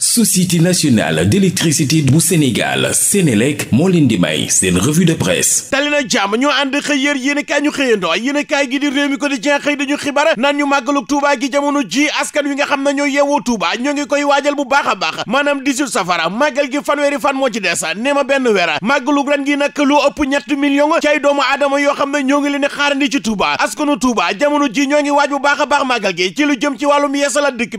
société nationale d'électricité bu Sénégal Sénélec moo leen di may seen revue de presse tali na jàmm ñoo ànd xëy yér yéen i kaay ñu xëyandoo yéen i kaay gi di réew mi ko di jeex xëy dañu xibaar naan ñu màggalug Touba gi jamono ji askan wi nga xam ne ñoo yeewoo Touba ñoo ngi koy waajal bu baax a baax maanaam 18 safara màggal gi fanweeri fan moo ci des nee ma benn weer màggalug ren gi nag lu ëpp ñett million ci ay doomu aadama yoo xam ne ñoo ngi leen di xaarandi ci Touba askanu Touba jamono ji ñoo ngi waaj bu baax a baax màggal gi jëm ci wàllum yeesala dëkk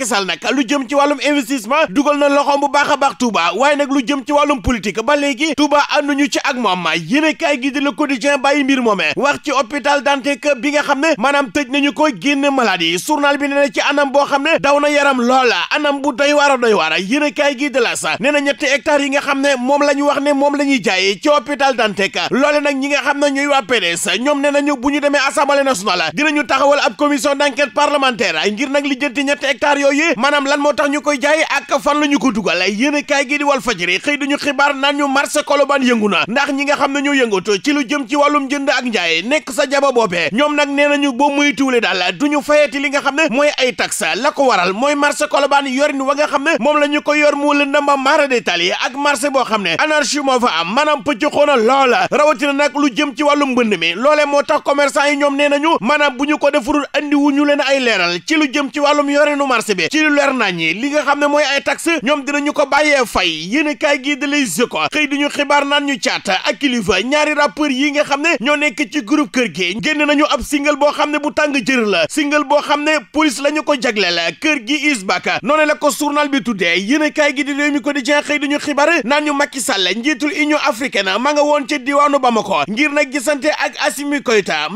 Macky Sall nag lu jëm ci wàllum investissement dugal na loxoom bu baax a baax Touba waaye nag lu jëm ci wàllum politique ba léegi Touba ànduñu ci ak moom yéene kaay gi di Le Quotidien bàyyi mbir moomee wax ci hôpital Dantec bi nga xam ne maanaam tëj nañu ko génn maladie journal bi nee ci anam boo xam ne daw na yaram loola anam bu doy waar a doy waar yéene sa nee ñetti hectares yi nga xam ne moom la wax ne moom la ñuy ci hôpital Dantec yooyu maanaam lan moo tax ñu koy jaay ak fan la ñu ko dugal yéen kaay gi di Walf Fadjri xëy ñu xibaar naan ñu marché Colobane yëngu na ndax ñi nga xam ne ñoo yëngatu ci lu jëm ci wàllum jënd ak njaay nekk sa jaba boobee ñoom nag nee nañu boo muy tuule daal du ñu fayati li nga xam ne mooy ay taxe la ko waral mooy marché ban yorin wa nga xam ne moom la ñu ko yor mu lëndëm ba mara détail yi ak marché boo xam ne anarchie moo fa am maanaam pëcc xoona loola rawatina nag lu jëm ci wàllum mbënd mi loolee moo tax commerçant yi ñoom nee nañu maanaam bu ñu ko defarul andi wu leen ay leeral ci lu jëm ci wàllum yorinu marché de ci lu leer ñi li nga xam ne mooy ay taxe ñoom dinañu ko bàyyee fay yéen kaay gii da lay siko xëy di ñu xibaar naan ñu caat ak kilifa ñaari rappeur yi nga xam ne ñoo nekk ci groupe kër gi génn nañu ab single boo xam ne bu tàng jër la single boo xam ne police lañu ñu ko jagleel kër gi is baka noonu la ko journal bi tuddee yéen kaay gi di réew mi ko di jeex xëy di ñu xibaar naan ñu Macky Sall njiitul Union na ma nga woon ci diwaanu Bamako ngir nag gisante ak Assimi Koïta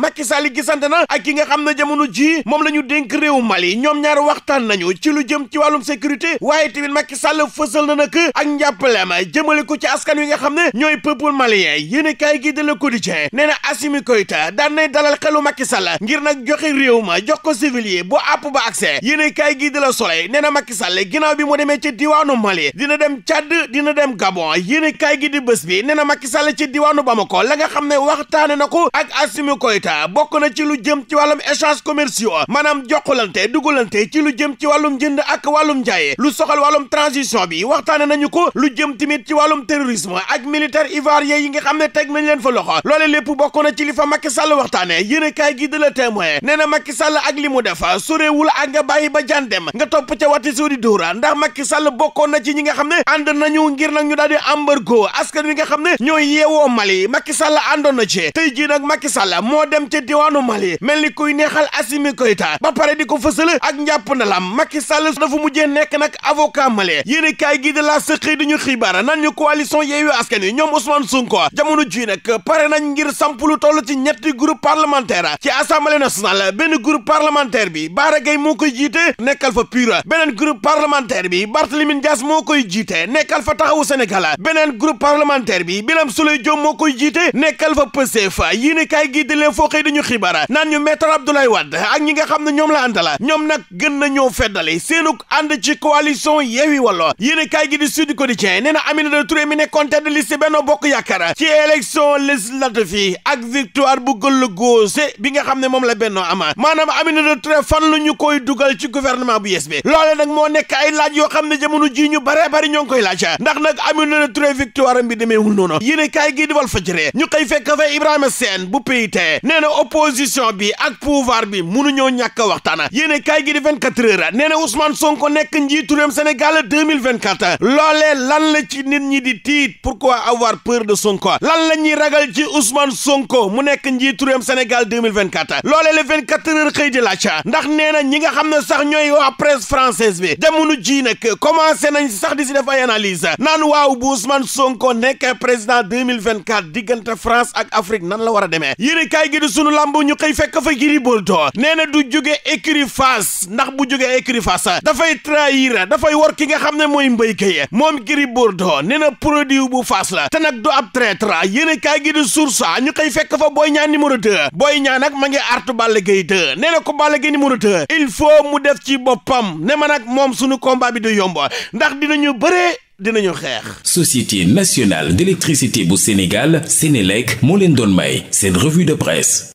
gisante na ak ki nga xam ne jamono ji moom la ñu dénk réew Mali ñoom ñaar waxtaan nañu ci lu jëm ci wàllum sécurité waaye tamit Macky Sall fësal na nag ak yi jëmale ko ci askan wi nga xam ne ñooy peuple malien yéen a kaay gi de Le Quotidien nee na Assimi Koïta daan nay dalal xelu Macky Sall ngir nag joxe réew jox ko civilier bu àpp ba accès yéen a kaay gi de Le Soleil nee na Macky Sall ginnaaw bi mu demee ci diwaanu Mali dina dem Tchad dina dem Gabon yéen a kaay gi di bés bi nee na Macky Sall ci diwaanu Bamako la nga xam ne waxtaane na ko ak Assimi Koïta bokk na ci lu jëm ci wàllum échange commerciaux maanaam jokkalante dugalante ci lu jëm ci wàllum jënd ak wàllum jaay lu soxal wàllum transition bi waxtaane nañu ko lu jëm tamit ci wàllum terrorisme ak militaire ivoirien yi nga xam ne teg nañ leen fa loxo loole lépp bokk na ci li fa Macky Sall waxtaane yéen a kaay gi de la témoin nee na Macky Sall ak li mu def sorewul ak nga bàyyi ba jaan dem nga topp ca wati soo di dóora ndax Macky Sall bokkoon na ci ñi nga xam ne ànd nañu ngir nag ñu daal di embargo askan wi nga xam ne ñooy yeewoo Mali Macky Sall àndoon na ci tey jii nag Macky Sall moo dem ca diwaanu Mali mel ni kuy neexal Assimi Koïta ba pare di ko fësal ak njàpp na lam Macky Sall dafa mujjee nekk nag avocat male yéen i kaay gi de la sëqëy di ñu xibaar nan ñu coalition Yewwi Askan Wi ñoom Ousmane Sonko jamono ji nag pare nañ ngir samp lu toll ci ñetti groupe parlementaire ci na nationale benn groupe parlementaire bi Bara Gaye moo koy jiite nekkal fa PUR beneen groupe parlementaire bi Barthélémy Dias moo koy jiite nekkal fa Taxawu Sénégal beneen groupe parlementaire bi Birame Souleye Diop moo koy jiite nekk fa Pastef yéen i kaay gi de leen foo xëy di ñu xibaar naan ñu maître Abdoulaye Wade ñi nga xam ne ñoom la àndala ñoom nag gën na ñoo yeddale seenuk ànd ci coalition Yewwi Wallu yéen kaay gi di Sud Quotidien nee na Aminata Touré mi nekkoon tête de liste Bokk Yaakaar ci élection législative yi ak victoire bu gëll góose bi nga xam ne moom la Benno ama maanaam Aminata Touré fan lu ñu koy dugal ci gouvernement bu yes bi loole nag moo nekk ay laaj yoo xam ne jamono ji ñu bare bari ñoo ngi koy laaj ndax nag Aminata Touré victoire am bi demeewul noonu yéen kaay gi di Walf Fadjri ñu xëy fekk fa Ibrahima Sène bu PIT nee na opposition bi ak pouvoir bi mënuñoo ñàkk a waxtaan yéen kaay gi di nee na Ousmane Sonko nekk njiitu réewum Sénégal 2024 loolee lan la nit ñi di tiit pourquoi avoir peur de Sonko lan la ñuy ragal ci Ousmane Sonko mu nekk njiitu réewum Sénégal 2024 loolee le 24 heures xëy di laaj ndax nee na ñi nga xam ne sax ñooy waa presse française bi jamono jii nag commencé nañ sax di si def ay analyse naan waaw bu Ousmane Sonko nekk président 2024 diggante France ak Afrique nan la war a demee yéen kaay gi di sunu lamb ñu xëy fekk fa Gris Bordeaux nee na du jóge écurie Fass ndax bu jóge écurie écurie Fass dafay trahir dafay wor ki nga xam ne mooy Mbaye Gueye moom Gris Bordeaux nee na produit bu Fass la te nag du ab traître yéen a kaay gi di source ñu koy fekk fa Boy Niang numéro 2 booy ñaa nag ma ngi artu Balla Gueye 2 nee na ko Balla Gueye numéro 2 il faut mu def ci boppam ne ma nag moom sunu combat bi du yomb ndax dinañu bëree dinañu xeex. Société nationale d'électricité bu Sénégal Sénélec moo leen doon may seen revue de presse.